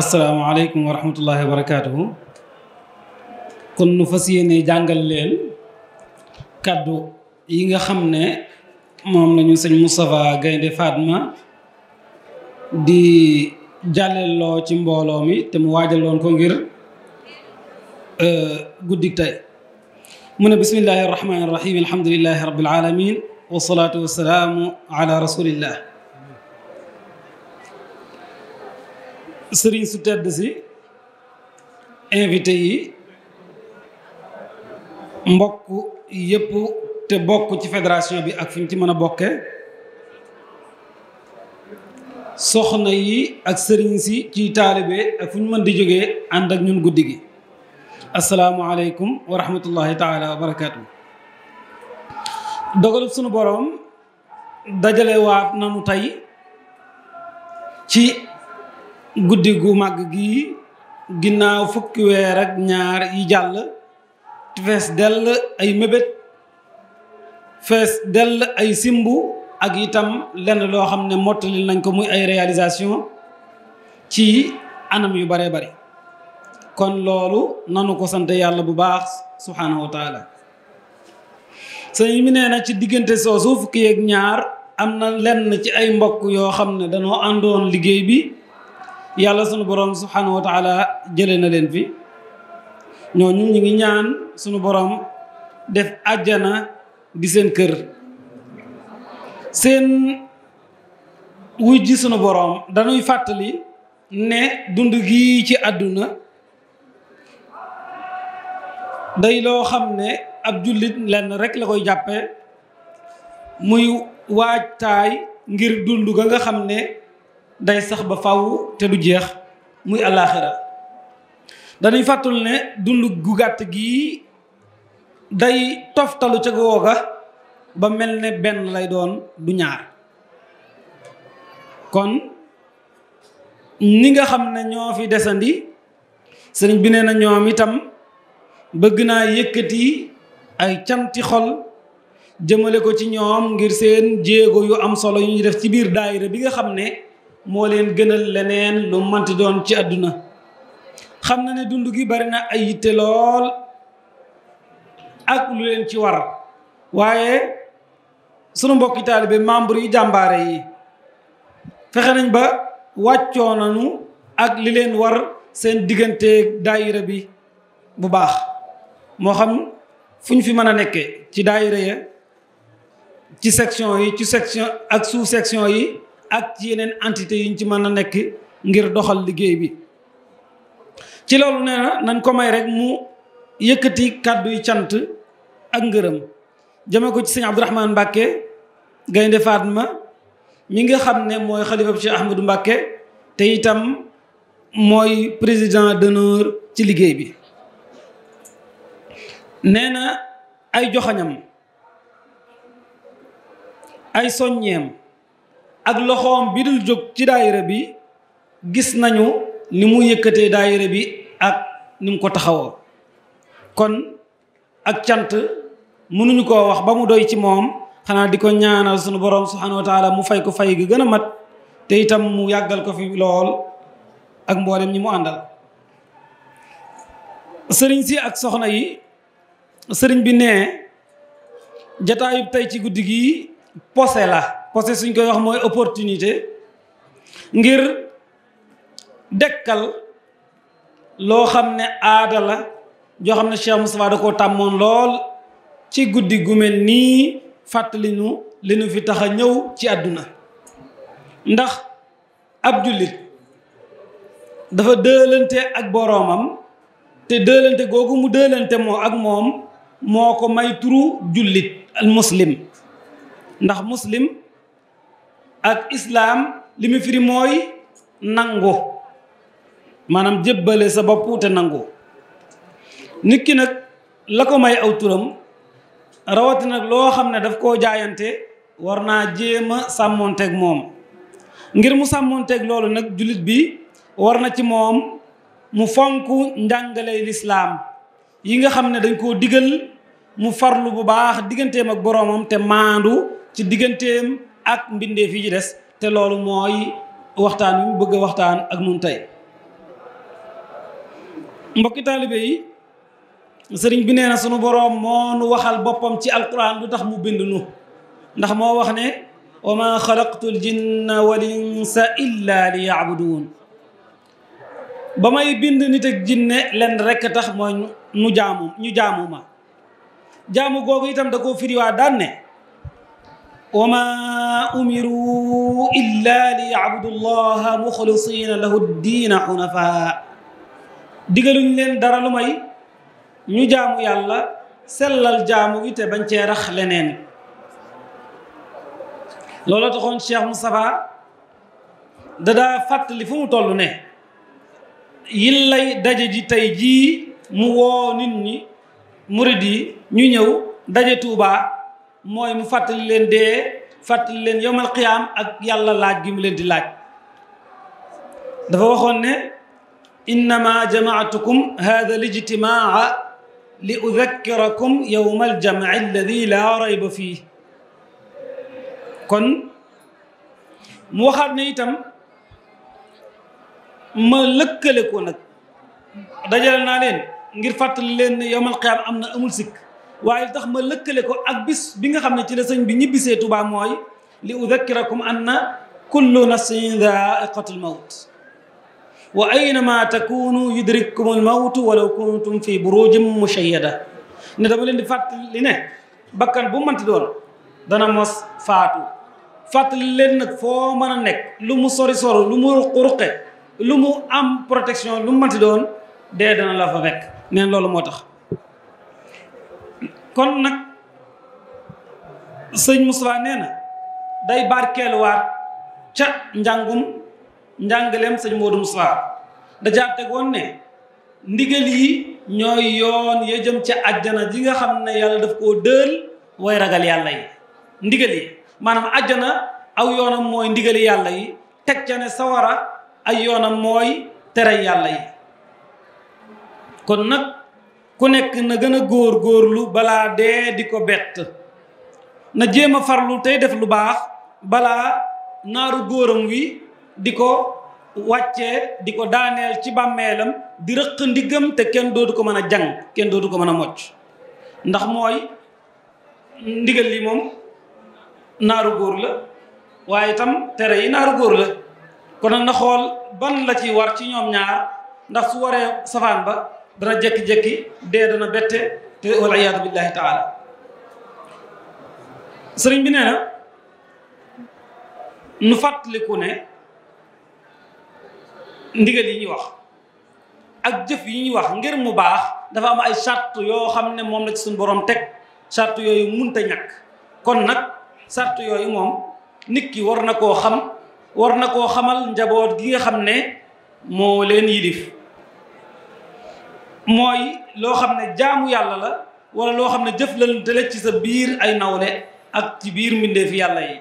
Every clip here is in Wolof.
asalaamaaleykum wa rahmatullahi wa barakaatuhu kon nu fas yéene jàngal leen kàddu yi nga xam ne moom lañu sëñ Moustapha Gaynde Fatma di jàlleloo ci mbooloo mi te mu waajaloon ko ngir euh, guddik tey mu ne bismillahi rahmaani rahim alhamdulilahi rabbil alamin wasalaatu wasalaamu ala rasulillah sëriñ su tedd si invité yi mbokk yépp te bokk ci fédération bi ak fi ñu ci mën a bokke soxna yi ak sëriñ si ci taalibe ak fu ñu mën di jóge ànd ak ñun guddi gi asalaamualeykum wa rahmatullahi taala wa barakaatu. dogalub sunu boroom dajale waat nanu tey ci guddi gu màgg gi ginnaaw fukki weer ak ñaar yi jàll te fees dell ay mébét fees dell ay simbu ak itam lenn loo xam ne mottali nañ ko muy ay réalisation ci anam yu bare bare kon loolu nanu ko sant yàlla bu baax subhaanahu wa taala sëñ na ci diggante soosu fukki yeeg ñaar am na lenn ci ay mbokk yoo xam ne danoo àndoon liggéey bi yàlla sunu borom subhanahu wa jële na leen fi ñoo ñu ngi ñaan sunu boroom def àjjana di seen kër seen wuy sunu boroom dañuy fàttali ne dund gii ci àdduna day loo xam ne ab jullit lenn rekk la koy jàppe muy waajtaay ngir dund ga nga xam ne day sax ba faw te du jeex muy àllaaxira dañuy fàttul ne dund gu gàtt gi day toftalu ca googa ba mel ne benn lay doon du ñaar kon ñi nga xam ne ñoo fi desandi sëriñ bi na ñoom itam bëgg naa yëkkati ay canti xol jëmale ko ci ñoom ngir seen jéego yu am solo yu ñu def ci biir daayira bi nga xam ne moo leen gënal leneen lu manti doon ci àdduna xam na ne dund gi bari na ay yitte lool ak lu leen ci war waaye sunu mbokki taalibe membre yi jàmbaare yi fexe nañ ba wàccoo nañu ak li leen war seen diggante daayira bi bu baax moo xam fu ñu fi mën a nekke ci daayira ya ci section yi ci section ak sous section yi ak ci yeneen entité yi ci mën a nekk ngir doxal liggéey bi ci loolu nee nañ ko may rek mu yëkkati kàddu yi cant ak ngërëm jëme ko ci sëñ Abdourahmane Mbàkke Gaynde Fatma mi nga xam ne mooy xalifa bi Cheikh Ahmadou Mbàkke te itam mooy président d'honneur ci liggéey bi nee na ay joxañam ay soññeem ak loxoom bi dul jóg ci daayira bi gis nañu ni mu yëkkatee daayira bi ak ni mu ko taxawoo kon ak cant mënuñu koo wax ba mu doy ci moom xanaa di ko ñaanal sunu boroom subhanahu wa mu fay ko fay gi gën a mat te itam mu yàggal ko fi lool ak mboolem ñi mu àndal sëriñ si ak soxna yi sëriñ bi ne jataayub tey ci guddi gi pose la parce suñ koy wax mooy opportunité ngir dëkkal loo xam ne aada la joo xam ne Cheikh Moustapha koo tàmmoon lool ci guddi gu mel nii fàttali ñu li nu fi tax a ñëw ci àdduna ndax ab jullit dafa dëlante ak boroomam te dëlante googu mu dëlante moo ak moom moo ko may turu jullit al muslim ndax muslim ak islaam limu mu firi mooy nangu maanaam jébbale sa bopp te nangu nit ki nag la ko may aw turam rawati nag loo xam ne daf koo jaayante war naa jéem a sàmmoonteeg moom ngir mu sàmmoonteeg loolu nag jullit bi war na ci moom mu fonk njàngale lislaam yi nga xam ne dañ koo digal mu farlu bu baax digganteem ak boroomam te maandu ci digganteem ak mbindeef fii ci des te loolu mooy waxtaan wi mu bëgg a waxtaan ak nun tey mbokki taalibe yi sëriñ bi nee na sunu boroom moo nu waxal boppam ci alquran lu tax mu bind nu ndax moo wax ne wa ma xalaqtu l jinna wal insa illa li yaabuduun ba may bind nit ak jinne leen rekk tax mooy nu jaamu ñu jaamu ma jaamu googu itam da koo firiwaa daan ne وما أمروا إلا ليعبدوا الله مخلصين له الدين حنفاء digaluñ leen dara lu may ñu jaamu yàlla sellal jaamu gi bañ cee rax leneen loolu taxoon Cheikh Moustapha dadaa fàttali fu mu toll ne yi lay daje ji tey jii mu woo nit ñi murid ñu ñëw daje Tuubaa mooy mu fàttali leen dee fàttali leen yowmal qiyaam ak yàlla laaj gi mu leen di laaj dafa waxoon ne innama jamaatukum hada lijtimaa li udakkirakum yowma aljamci alladi rayba fii kon mu waxaat ne itam ma lëkkale ko nag dajale leen ngir fàttali leen ne yowmal am na amul sikk waaye tax ma lëkkale ko ak bis bi nga xam ne ci la sëñ bi ñibbisee Tuubaa mooy li udakkirakum anna kullu nafsin dha'iqatul mawt wa aynama takunu yudrikkum al mawtu walaw kuntum fi burujin mushayyada ne dama leen di fàttali ne bakkan bu ti doon dana mos faatu fàttali leen nag foo mën a nekk lu mu sori sori lu mu ruqe lu mu am protection lu mu mënti doon dee dana la fa neen loolu moo tax kon nag sëñ Moussa nee na day barkeeluwaat ca njàngum njàngaleem sëñ Modou Moussa da teg woon ne ndigal yi ñooy yoon ya jëm ca àjjana ji nga xam ne yàlla daf koo dël way ragal yàlla yi ndigal yi maanaam àjjana aw yoonam mooy ndigal yàlla yi teg ca ne sawara ay yoonam mooy tere yàlla yi kon nag ku nekk na gën a góor góorlu balaa dee di ko bett na jéem a farlu tey def lu baax balaa naaru góoram wi di ko wàccee di ko daaneel ci bàmmeelam di rëq ndiggam te kenn dootu ko mën a jàng kenn dootu ko mën a mocc ndax mooy ndigal li moom naaru góor la waaye itam tere yi naaru góor la kon nag na xool ban la ci war ci ñoom ñaar ndax su waree safaan ba dana jékki-jékki dee dana bette te wala iyaadu billahi taala sëriñ bi nee na nu fàttaliku ne ndigal yi ñuy wax ak jëf yi ñuy wax ngir mu baax dafa am ay sart yoo xam ne moom la ci suñu borom teg sart yooyu munta ñakk kon nag sart yooyu moom nit ki war na koo xam war na koo xamal njaboot gi nga xam ne moo leen yilif mooy loo xam ne jaamu yàlla la wala loo xam ne jëflante la ci sa biir ay nawle ak ci biir mbindeef yàlla yi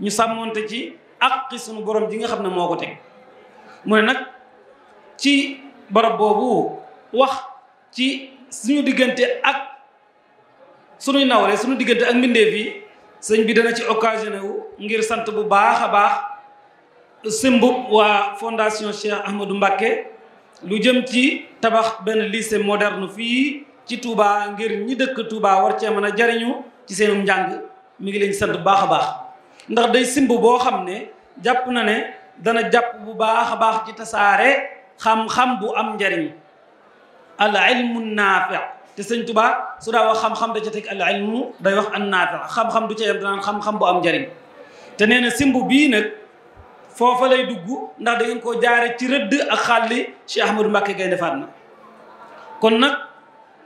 ñu sàmmoonte ci àqi sunu borom ji nga xam ne moo ko teg mu ne nag ci barab boobu wax ci suñu diggante ak suñuy nawle suñu diggante ak mbindeef yi sëñ bi dana ci occasionné wu ngir sant bu baax a baax simbu waa fondation Cheikh Ahmadou Mbacké lu jëm ci tabax benn lycée moderne fii ci Touba ngir ñi dëkk Touba war cee mën a jariñu ci seenum njàng mi ngi leen sant bu baax a baax ndax day simb boo xam ne jàpp na ne dana jàpp bu baax a baax ci tasaare xam-xam bu am njariñ al ilmu naafi te sëñ Touba su daa wax xam-xam da ca teg al ilmu day wax an naafi xam-xam du ca yem danaan xam-xam bu am njariñ te nee simb bii nag foofa lay dugg ndax da ngeen koo jaare ci rëdd ak xàlli Cheikh Ahmadou Mbacké Gaïndé na kon nag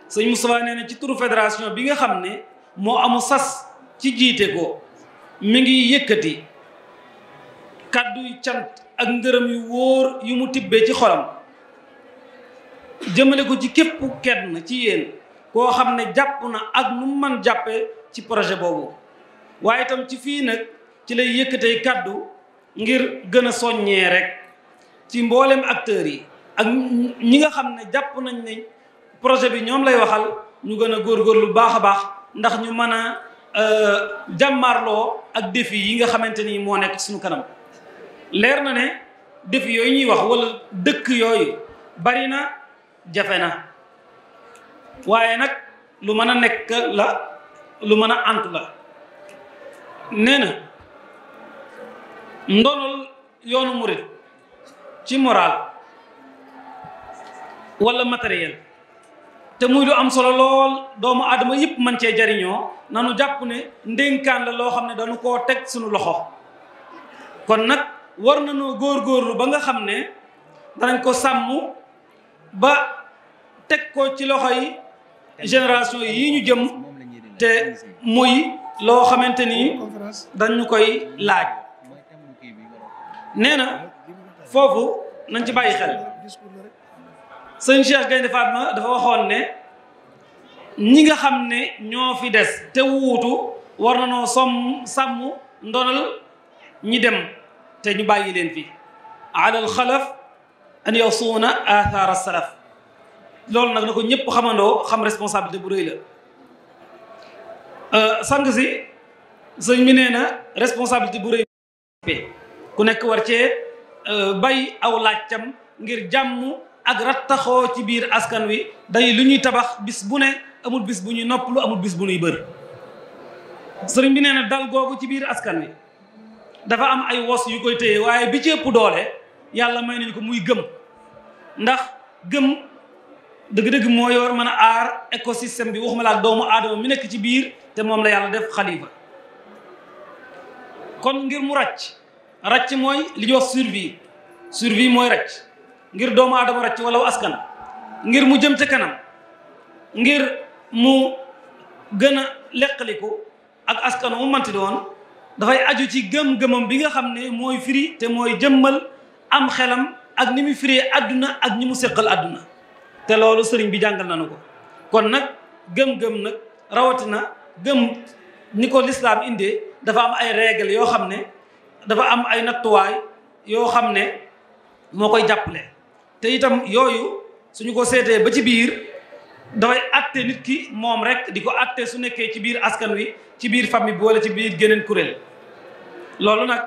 sëñ Moustapha nee ci turu fédération bi nga xam ne moo amul sas ci jiite ko mi ngi yëkkati kàdduy cant ak ngërëm yu wóor yu mu tibbee ci xolam jëmale ko ci képp kenn ci yéen koo xam ne jàpp na ak nu man jàppee ci projet boobu waaye itam ci fii nag ci lay yëkkatee kàddu ngir gën a soññee rek ci mboolem acteur yi ak ñi nga xam ne jàpp nañ ne projet bi ñoom lay waxal ñu gën a góorgóorlu lu baax a baax ndax ñu mën a euh, jàmmarloo ak défi yi nga xamante ni moo nekk suñu kanam leer na ne défi yooyu ñuy wax wala dëkk yooyu bari na jafe na waaye nag lu mën a nekk la lu mën a antu la nee na ndonol yoonu murit ci moral wala matériel te muy lu am solo lool doomu aadama yëpp man cee jariñoo nanu jàpp ne ndénkaan la loo xam ne dañu ko teg suñu loxo kon nag war nañoo góorlu ba nga xam ne danañ ko sàmm ba teg ko ci loxo yi génération yi ñu jëm te muy loo xamante ni dañu koy laaj nee na foofu nañ ci bàyyi xel sëñ Cheikh Gaynde Fatma dafa waxoon ne ñi nga xam ne ñoo fi des te wuutu war na noo somm sàmm ndonal ñi dem te ñu bàyyi leen fi ala alxalaf an yasuuna athar as-salaf loolu nag na ko ñëpp xamandoo xam responsabilité bu rëy la euh, sang si sëñ mi nee na responsabilité bu rëy ku nekk war cee euh, bay aw laajcam ngir jàmm ak rattaxoo ci biir askan wi day lu ñuy tabax bis bu ne amul bis bu ñuy noppalu amul bis bu ñuy bër sëriñ bi nee na dal googu ci biir askan wi dafa am ay wos yu koy téye waaye bi ci ëpp doole yàlla may nañu ko muy gëm ndax gëm dëgg-dëgg moo yor mën a aar écosystème bi waxuma laa doomu aadama mi nekk ci biir te moom la yàlla def xalifa kon ngir mu ràcc ràcc mooy li ñuy wax survie survie mooy ràcc ngir doomu aadama ràcc wala askan ngir mu jëm ca kanam ngir mu gën a leqaliku ak askan mu manti doon dafay aju ci gëm-gëmam bi nga xam ne mooy firi te mooy jëmmal am xelam ak ni mu firee àdduna ak ni mu séqal àdduna te loolu sëriñ bi jàngal nañu ko kon nag gëm-gëm nag rawatina gëm ni ko lislaam indee dafa am ay règle yoo xam ne dafa am ay nattuwaay yoo xam ne moo koy jàppale te itam yooyu suñu ko seetee ba ci biir dafay atte nit ki moom rek di ko atte su nekkee ci biir askan wi ci biir famille bi wala ci biir geneen kuréel loolu nag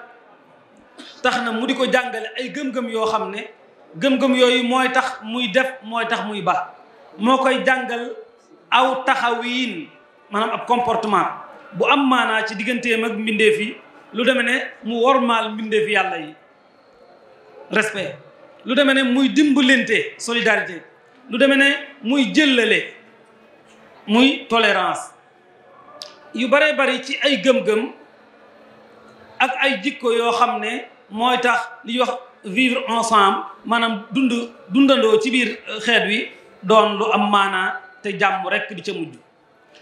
tax na mu di ko jàngale ay gëm-gëm yoo xam ne gëm yooyu mooy tax muy def mooy tax muy ba moo koy jàngal aw taxawiin maanaam ab comportement bu am maanaa ci digganteem ak mbindeef yi lu deme ne mu wormaal mbindeef yàlla yi respect lu deme ne muy dimbalante solidarité lu deme ne muy jëllale muy tolérance yu bare bari ci ay gëm-gëm ak ay jikko yoo xam ne mooy tax li ñuy wax vivre ensemble maanaam dund dundandoo ci biir euh, xeet wi doon lu am maanaa te jàmm rekk di ca mujj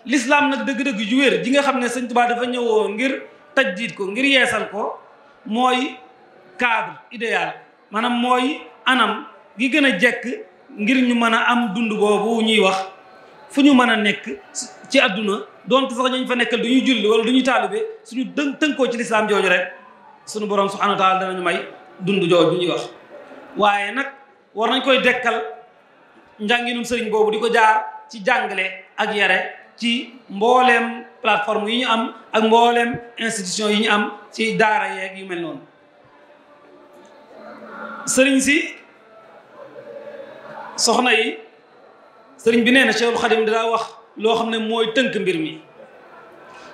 l'islam nag dëgg-dëgg ju ji nga xam ne sëñ Tuubaa dafa ñëwoo ngir tajdiid ko ngir yeesal ko mooy cadre idéal maanaam mooy anam gi gën a jekk ngir ñu mën a am dund boobu ñuy wax fu ñu mën a nekk ci àdduna donte sax ñu fa nekkal du ñu julli wala du ñu taalibe suñu dën tënkoo ci lislaam jooju rek suñu borom subhanahu wa taala danañu may dund jooju ñuy wax waaye nag war nañ koy dekkal njànginum sëriñ boobu di ko jaar ci jàngale ak yare ci mbooleem plateforme yi ñu am ak mbooleem institution yi ñu am ci daara yeeg yu mel noonu sëriñ si soxna yi sëriñ bi nee na Cheikhul Khadim daa wax loo xam ne mooy tënk mbir mi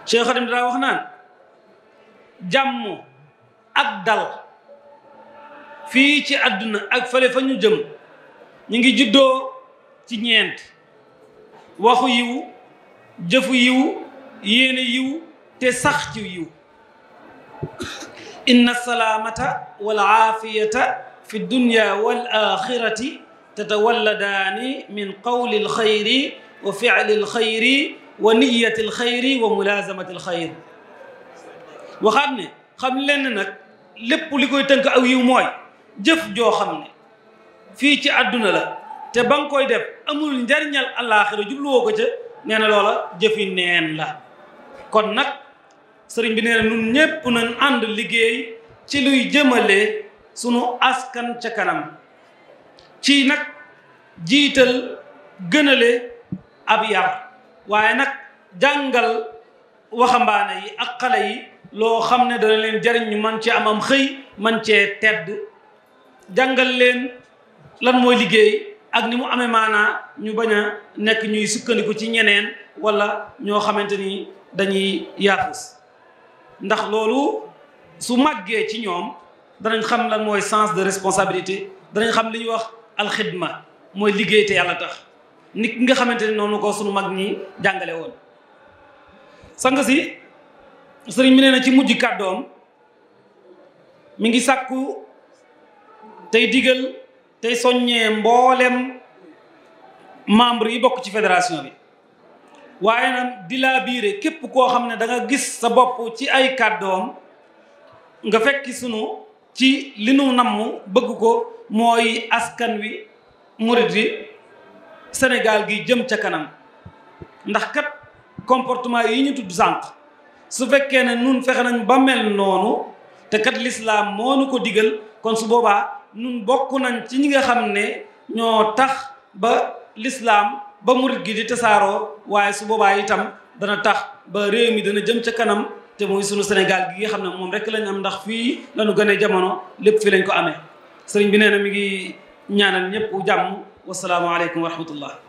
Cheikhul Khadim daa wax naan jàmm ak dal fii ci àdduna ak fële fa ñu jëm ñu ngi juddoo ci ñeent waxu yiw jëfu yiw yéene yiw te sax ci yiw inna salaamata wal aafiyata fi dunya wal axirati tatawalladaani min qawli alxayri wa ficli alxayri wa niyati alxayri wa mulaasamati alxayri waxaat ne xam leen nag lépp li koy tënk aw yiw mooy jëf joo xam ne fii ci àdduna la te ba nga koy def amul njariñal àllaaxira jubluwoo ko ca nee loola jëfi neen la kon nag sëriñ bi nee nun ñépp nañ ànd liggéey ci luy jëmale sunu askan ca kanam ci nag jiital gënale ab yar waaye nag jàngal waxambaane yi ak xale yi loo xam ne dana leen jariñ ñu man cee amam xëy man cee tedd jàngal leen lan mooy liggéey ak ni mu amee maanaa ñu bañ a nekk ñuy sukkandiku ci ñeneen wala ñoo xamante ni dañuy yaafus ndax loolu su màggee ci ñoom danañ xam lan mooy sens de responsabilité danañ xam li ñuy wax alxidma mooy liggéey te yàlla tax nit ki nga xamante ni noonu ko suñu mag ñi jàngale woon sang si sëriñ mi nee na ci mujj kàddoom mi ngi sàkku tey digal tey soññee mboolem membre yi bokk ci fédération bi waaye nag di laa biire képp koo xam ne danga gis sa bopp ci ay kàddoom nga fekki sunu ci li nu namm bëgg ko mooy askan wi murit yi Sénégal gi jëm ca kanam ndax kat comportement yi ñu tudd sànq su fekkee ne nun fexe nañ ba mel noonu te kat lislaam moo nu ko digal kon su boobaa nun bokk nañ ci ñi nga xam ne ñoo tax ba lislaam ba mu gi di tasaaroo waaye su boobaa itam dana tax ba réew mi dana jëm ca kanam te muy sunu Sénégal gi nga xam ne moom rek lañ am ndax fii lañu gën a jamono lépp fi lañ ko amee sëriñ bi nee na mi ngi ñaanal ñëpp jàmm wasalaamualeykum wa rahmatullah